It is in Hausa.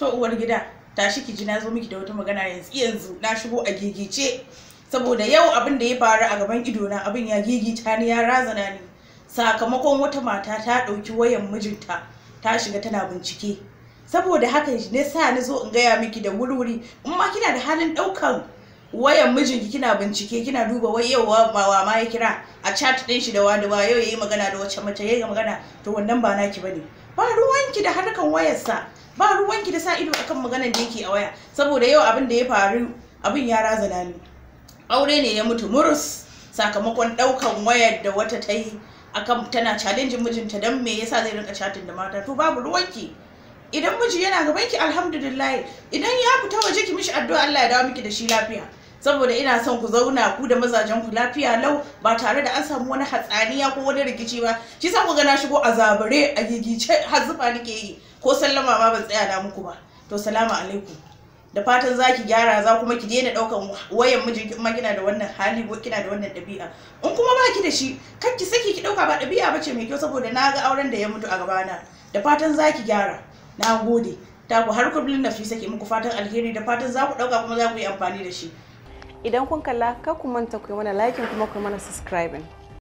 to uwar gida tashi ki ji na zo miki da wata magana yanzu yanzu na shigo a gigice saboda yau abin da ya faru a gaban ido na abin ya gigita ni ya razana ni sakamakon wata mata ta ɗauki wayan mijinta ta shiga tana bincike saboda haka ne sa ni zo in gaya miki da wuri-wuri in ma kina da halin ɗaukan wayan mijinki kina bincike kina duba wai yau wa ma ya kira a chat ɗin shi da wani ba yau yayi magana da wacce mace yayi magana to wannan ba naki bane ba ruwanki da harkan wayarsa ba ruwanki da sa ido akan maganar da yake a waya saboda yau abin da ya faru abin ya razana ni aure ne ya mutu murus sakamakon daukan wayar da wata ta yi akan tana challenging mijinta dan me yasa zai rinka chatin da mata to babu ruwanki idan miji yana gaban ki alhamdulillah idan ya fita waje ki mishi addu'a Allah ya dawo miki da shi lafiya saboda ina son ku zauna ku da mazajen ku lafiya lau ba tare da an samu wani hatsaniya ko wani rikici ba shi sa ku ga na shigo azabare a gigice har zufa nake yi ko sallama ma ban tsaya na muku ba to salamu alaikum da fatan za ki gyara za kuma ki daina daukan wayan mijin in ma kina da wannan hali ko kina da wannan ɗabi'a in kuma ba ki da shi kar ki saki ki dauka ba ɗabi'a ba ce mai kyau saboda na ga auren da ya mutu a gabana da fatan za ki gyara na gode ta ku har kullun nafi saki muku fatan alheri da fatan za ku dauka kuma za ku yi amfani da shi idan kun kalla kar ku manta ku yi mana like kuma ku yi mana subscribing